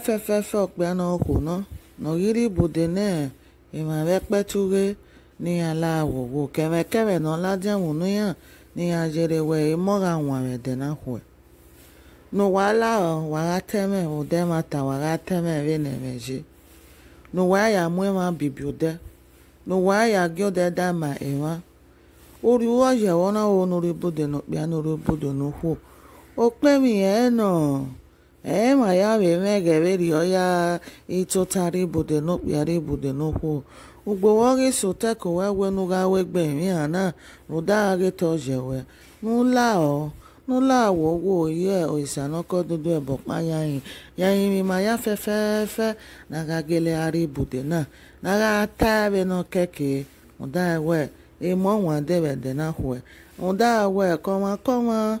afẹ́fẹ́fẹ́ ọkpeanọ hụnọ nọgidibụdene ịmarekpetụghe nialawowo kẹ̀rẹ̀kẹ̀rẹ̀ nọladiawunuya niyajerewe ịmọranwaredenahue nuwalao warateme udemata warateme renereje nuwayamwema bibiude nuwayagiodedama ịma oriwoyewona onuribudenokpeanoribudonuhwu okpemi enọ ema ya weme geverio ya itotari bude no piari bude no ko ugbo wori sote ko we wenu ga we gbe mi ana ruda ge to jewe nula o nula wo wo ye o isanoko dudu ebo panya yin ya yin mi ma ya fe fe fe na ga gele ari bude na na ga ta be no keke we e mo wan na ho ruda we koma koma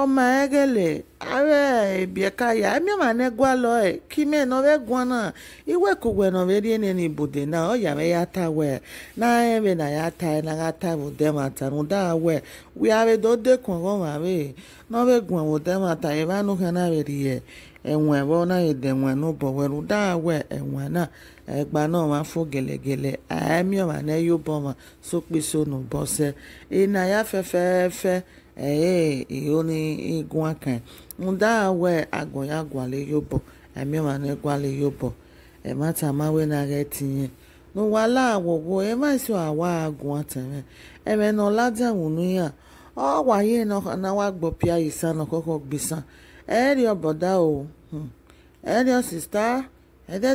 ọmaegele awe ebiekaya emiamane gwaloe kime nove gwana iwe kugwe nove rieneni na oyame yata ya na ebe na yata na gata budemata nuda we we ave dode kwangoma we nove gwa budemata na edenwe nubo we nuda we enwe na na gelegele eh ione iguacan munda we agoya gwale yobo emi ma ne gwale yobo e mata ma we na ge tinye no wala awogo e ma si awa agun ateme e me no ya o wa ye no na wa gbo pia isa no koko gbisan e ri oboda o hmm. e ri sister e de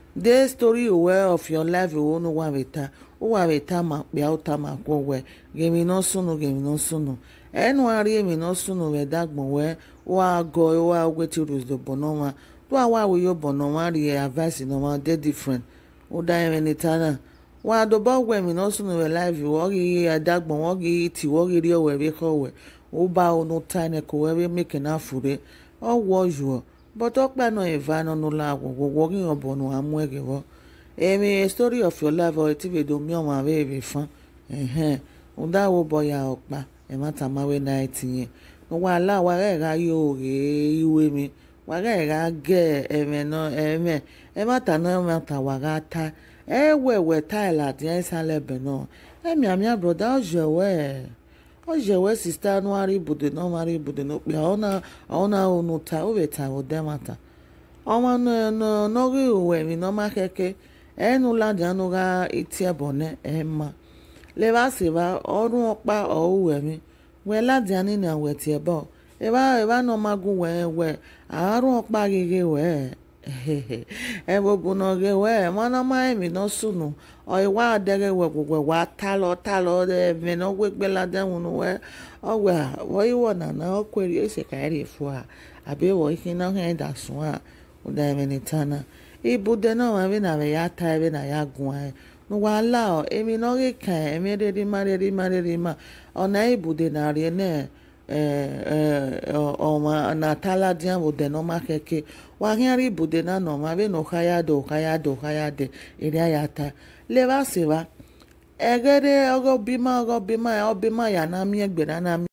dee story uwe of your life unu wabeta ụwabeta ma kpịa ụta ma e wee gemi n'ọsụnụ gemi n'ọsụnụ enugharị emi n'ọsụnụ wee dagbo wee a go wa gwetiruzo bononwa tụa wa wiyo bononwa rie avasi n'ọnwa dey different ụda emenitana wa doba ụgwọ emi n'ọsụnụ wee live wọghị ya dagbo wọghị iti wọghị rie wee bịkọ wee ụba unu tine ka wee meke na fure ọgwụ ọjụọ But Okpa no evano no lago, working upon no amwegevo. Amy, eh, a story of your life. love or a TV do me on oh, my baby fan. Eh, Unda wo boya Okpa, a matter my way nineteen. No one la warega you, you with me. Warega gay, eme no, eme. A matter no matter wagata. Eh, where were Tyler, the ice and Lebanon. Eh, my brother, you're well ọzhe wee sista anụ ara ibudo na ọmara ibudo na okpe ọna unu ta oweta udemata ọma n'oge uwemi n'ọma keke enula dị anụgha itie bone ema leba siba ọrụ ọkpa mi. wee ladi anị na wetie bọ ebe anọmagụ wee wee arụ ọkpa gị gị wee ewegu n'oge wee mana maemi n'osunu oiwa adere wegwugwe wa talo talo eme n'ogwe gbelada nwunu wee ogwe oh, woiwona na okweri esekari efu a abewo ihe na ha eda su a ụda emenitana ibude na ọma na be ya ta ebe na ya gụọ anyị n'ụwa ala emi n'oge ka emeriri mariri mariri ma ọ na ibude na rie na ọnwa eh, eh, na atala dia bụ denoma keke wahịarị bụ dena nọma be na ụka ya dị ụka ya dị ụka ya dị ịrịa ya taa leba sịba egere ọgọbima ọgọbima ya ọbima ya na mie na mie